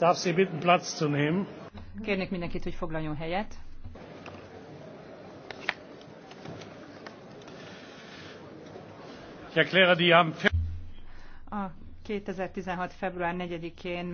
Darf Sie bitten, Platz zu nehmen? Kérnék mindenkit, hogy foglaljon helyet. A 2016. február 4-én